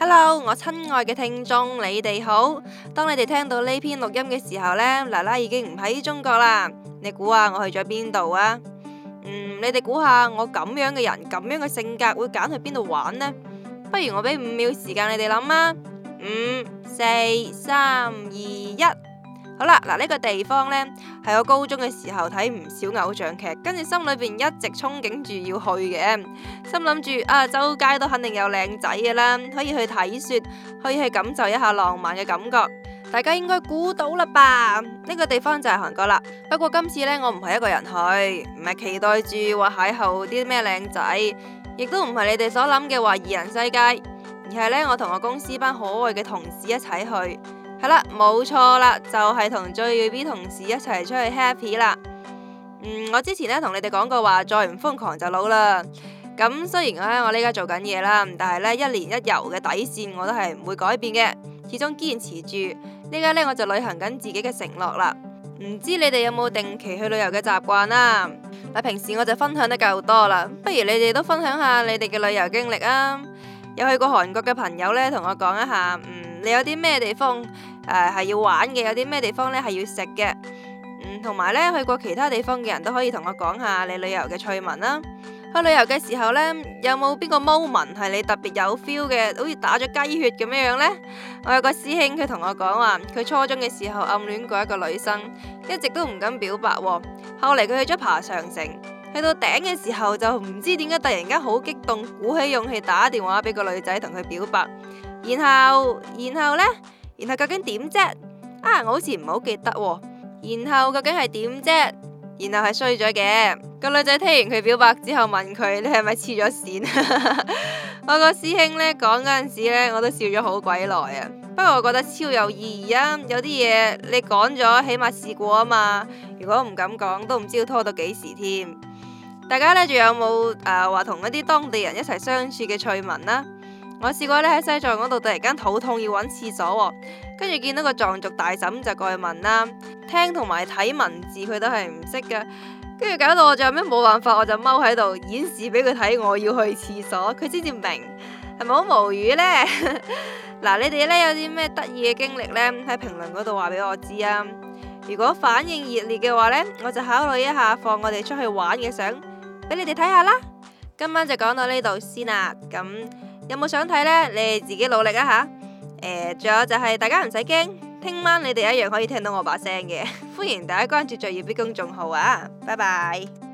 Hello，我親愛嘅聽眾，你哋好。當你哋聽到呢篇錄音嘅時候呢，奶奶已經唔喺中國啦。你估下我去咗邊度啊？嗯，你哋估下我咁樣嘅人，咁樣嘅性格，會揀去邊度玩呢？不如我俾五秒時間你哋諗啊，五四三二一。好啦，嗱，呢個地方呢，係我高中嘅時候睇唔少偶像劇，跟住心裏邊一直憧憬住要去嘅，心諗住啊，周街都肯定有靚仔嘅啦，可以去睇雪，可以去感受一下浪漫嘅感覺。大家應該估到啦吧？呢個地方就係韓國啦。不過今次呢，我唔係一個人去，唔係期待住話邂逅啲咩靚仔，亦都唔係你哋所諗嘅話二人世界，而係呢，我同我公司班可愛嘅同事一齊去。係啦，冇錯啦，就係同最耀 B 同事一齊出去 happy 啦。嗯，我之前咧同你哋講過話，再唔瘋狂就老啦。咁雖然、啊、我喺我呢家做緊嘢啦，但係咧一年一遊嘅底線我都係唔會改變嘅，始終堅持住。呢家咧我就履行緊自己嘅承諾啦。唔知你哋有冇定期去旅遊嘅習慣啦、啊？嗱，平時我就分享得夠多啦，不如你哋都分享下你哋嘅旅遊經歷啊。有去過韓國嘅朋友咧，同我講一下，嗯，你有啲咩地方？誒，係要玩嘅，有啲咩地方呢係要食嘅。嗯，同埋呢，去過其他地方嘅人都可以同我講下你旅遊嘅趣聞啦。去旅遊嘅時候呢，有冇邊個 moment 係你特別有 feel 嘅？好似打咗雞血咁樣樣呢？我有個師兄佢同我講話，佢初中嘅時候暗戀過一個女生，一直都唔敢表白。後嚟佢去咗爬長城，去到頂嘅時候就唔知點解突然間好激動，鼓起勇氣打電話俾個女仔同佢表白，然後然後呢。然後究竟點啫？啊，我好似唔係好記得。然後究竟係點啫？然後係衰咗嘅。個女仔聽完佢表白之後問佢：你係咪黐咗線？我個師兄呢講嗰陣時呢，我都笑咗好鬼耐啊。不過我覺得超有意義啊！有啲嘢你講咗，起碼試過啊嘛。如果唔敢講，都唔知要拖到幾時添。大家呢，仲有冇誒話同一啲當地人一齊相處嘅趣聞呢？我試過咧喺西藏嗰度突然間肚痛要搵廁所喎，跟住見到個藏族大嬸就過去問啦，聽同埋睇文字佢都係唔識㗎，跟住搞到我最後尾冇辦法，我就踎喺度演示俾佢睇我要去廁所，佢先至明，係咪好無語呢？嗱， 你哋咧有啲咩得意嘅經歷呢？喺評論嗰度話俾我知啊！如果反應熱烈嘅話呢，我就考慮一下放我哋出去玩嘅相俾你哋睇下啦。今晚就講到呢度先啦，咁。有冇想睇呢？你們自己努力啊下，誒，仲有就係大家唔使驚，聽晚你哋一樣可以聽到我把聲嘅。 歡迎大家關注最耀 B 公眾號啊！拜拜。